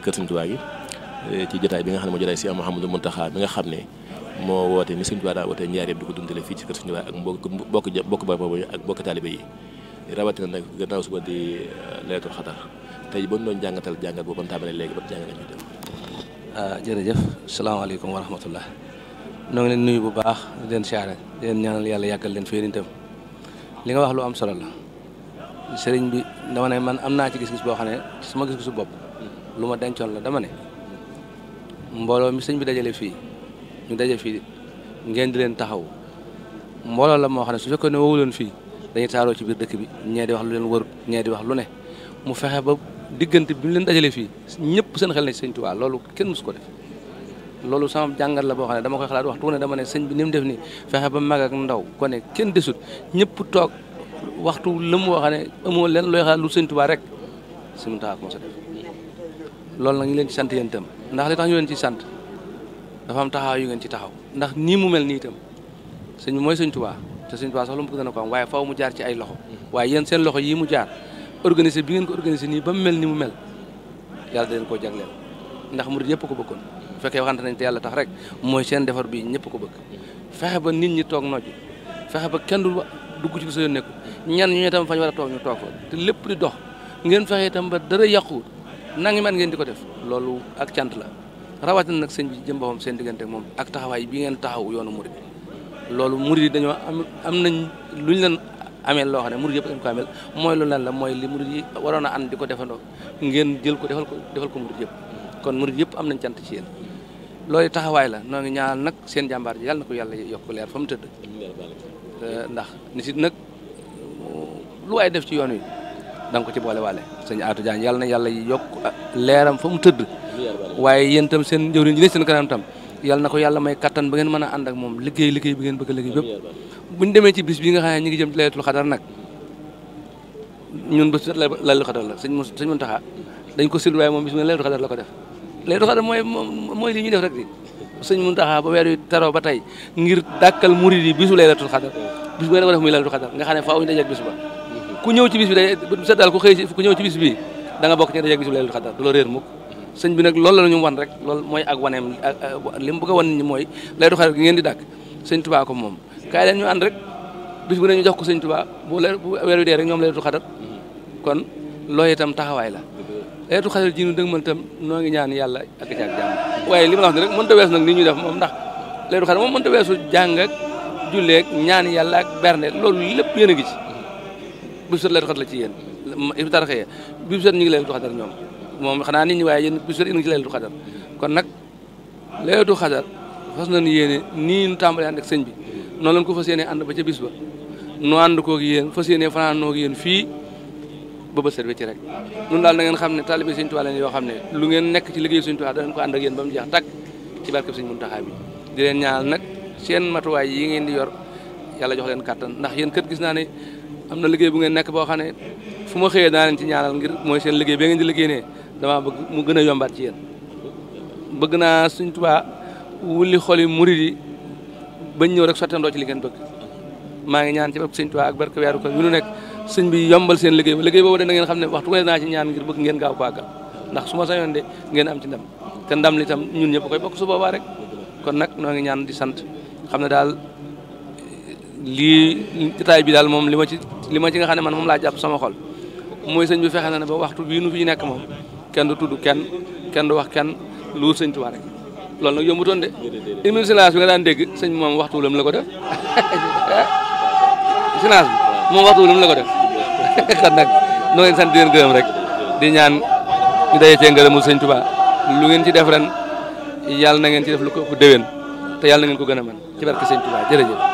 kër Sëñ Tuubaa gi eh, bi nga xam ne moo jotaay si am Mouhamadou Mountakha bi nga xam ne moo woote ni Sëñ Tuubaa daa woote fii ci kër Sëñ Tuubaa ak mbokk bokk bokk ba boobu ak bokk taalibe yi rawatina nag gannaaw suba di eh, laylatul xadar tey ba ñu doon jàngatal jàngat boobu ban tàmbalee léegi ban jàngat ñu def ah jërëjëf salaamaaleykum noo ngi leen nuyu bu baax di leen siyaare di leen ñaanal yàlla yàggal leen fii tam li nga wax lu am solo la sëriñ bi dama ne man am naa ci gis-gis boo xam ne sama gis-gisu bopp lu ma dencoon la dama ne mbooloo mi sëñ bi dajale fii ñu daje fii ngeen di leen taxaw mbooloo la moo xam ne su fekkee ne woowu leen fii dañu taaroo ci biir dëkk bi ñee di wax lu leen wër ñee wax lu ne mu fexe ba diggante bi ñu leen dajale fii ñëpp seen xel na ci sëñ loolu kenn musu ko def loolu sama jàngal la boo xam ne dama koy xalaat waxtu ne dama ne sëñ bi ni def nii fexe ba mag ak ndaw ko ne kenn desut ñëpp toog waxtu lëmu woo xam ne amoo leen looy lu sëñ Tuubaa rek simtaak mo sa def loolu nag ñu leen ci sant yéen itam ndax li tax ñu leen ci sant dafa am taxaw yu ngeen ci taxaw ndax nii mu mel nii itam sëñ mooy sëñ waa te sëñ Tuubaa sax lu mu bëgg dana ko waaye faaw mu jaar ci ay loxo waaye yéen seen loxo yii mu jaar organisé bi ngeen ko organisé nii ba mel ni mu mel yàlla da koo jagleel ndax murid yëpp ko bëggoon bu fekkee waxante nañ te yàlla tax rek mooy seen defar bi ñëpp ko bëgg fexe ba nit ñi toog nojj fexe ba kenn du dugg ci lu sa yoon nekku ñan ñu itam fañ war a toog ñu toog fa te lépp di dox ngeen fexe itam ba dara yàqu nangi man ngeen di ko def loolu ak cant la rawatina nag sëñ bi seen diggante moom ak taxawaay bi ngeen taxaw yoonu murid loolu murid yi dañoo am am nañ luñ leen ameel loo xam ne murid yëpp dañ ko ameel mooy lu lan la mooy li yi waroon a ànd di ko defandoo ngeen jël ko defal ko ko murid yëpp kon murid yëpp am nañ cant ci yéen loolu taxawaay la noo ngi nag seen jàmbaar ji yàlla na ko yàlla yokk leer fa mu tëdd ndax nit it nag lu waay def ci yoon wi da ko ci boole waale sëñ Atou jaan yàlla na yàlla yokk ah, leeram fa mu tëdd waaye yéen tam seen njëwriñ ji ne seen kanam tam yal na ko yàlla may kattan ba ngeen mën a ànd ak moom liggéey liggéey bi ngeen bëgg a liggéey bépp bu ñu demee ci bis bi nga xam ne ñu ngi jëm ci laylatul xadar nag ñun bés laylatul xadar la sëñ sëñ Muntaxa dañ ko sil moom bis mu ne laylatul la ko def laylatul mooy li ñuy def rek di sëñ Muntaxa ba weer wi ba tey ngir dàkkal murid yi bisu laylatul xadar bis bu ne la ko def muy laylatul xadar nga xam ne faaw ñu dajeeg bis ba ku ñëw ci bis bi day set daal ku xëy si ku ñëw bi da nga bokk ci dajeg bis bi Laylatul la réer mukk loolu la ñu wan rek loolu mooy ak waneem li mu bëgg a wan ni mooy Laylatul Qadr gi ngeen di dàkk sëñ ko moom kaay leen ñu ànd rek bis bu ne ñu jox ko sëñ Tuubaa bu weer wi dee rek ñoom Laylatul Qadr kon loolu itam taxawaay la Laylatul Qadr ji ñu dëgmal itam noo ngi ñaan yàlla ak ci ak jàmm waaye li ma la wax ni rek mënta weesu nag ni ñuy def moom ndax Laylatul Qadr moom mënta weesu jàng ak julleeg ñaan yàlla ak loolu lépp yéen a ngi bu sër leen xat la ci yéen ibu tarxee bi bu sër ñu ngi leen du xadar ñoom moom xanaa nit ñi waaye yéen bu sër ñu ngi ci leen du xadar kon nag leen du xadar fas nañu yéene nii ñu tàmbalee ànd ak sëñ bi noonu lañ ko fas yéene ànd ba ca bis ba nu ànd koog yéen fas yéene fanaan noog yéen fii ba ba set ci rek ñun daal na ngeen xam ne taalibe sëñ Tuubaa leen yoo xam ne lu ngeen nekk ci liggéey sëñ Tuubaa danañ ko ànd ak yéen ba mu jeex tàkk ci barkeb sëñ Muntaxaa bi di leen ñaanal nag seen matuwaay yi ngeen di yor yàlla jox leen kàttan ndax yéen kët gis naa ne am na liggéey bu ngeen nekk boo xam ne fu ma xëyee daa leen ci ñaanal ngir mooy seen liggéey ba ngeen di liggéey ne damaa bëgg mu gën a yombaat ci yéen bëgg naa suñ tubaa wulli xoli murid yi bañ ñëw rek sottandoo ci li ngeen bëgg maa ngi ñaan ci bopp sëñ tubaa ak barke nekk sëñ bi yombal seen liggéey ba liggéey boobu de na ngeen xam ne waxtu ne naa ci ñaan ngir bëgg ngeen gaaw ko àggal ndax su ma sañoon de ngeen am ci ndam te ndam li tam ñun ñëpp koy bokk su boobaa rek kon nag noo ngi ñaan di sant xam ne daal lii jotaay bi daal moom li ma ci li ma ci nga xam ne man moom laa jàpp sama xol mooy sëñ bi fexe na ne ba waxtu bii nu fi nekk moom kenn du tudd kenn kenn du wax kenn lu sëñ Tuubaa rek loolu nag yombutoon de immune silence bi nga daan dégg sëñ moom waxtu wu la ko def silence moom waxtu wu la ko def kon nag noo ngeen di leen gërëm rek di ñaan ñu daje cee ngërëmul sëñ Tuubaa lu ngeen ci def ren yàlla na ngeen ci def lu ko déwén te yàlla na ngeen ko gën a mën ci barke sëñ Tuubaa jërëjëf.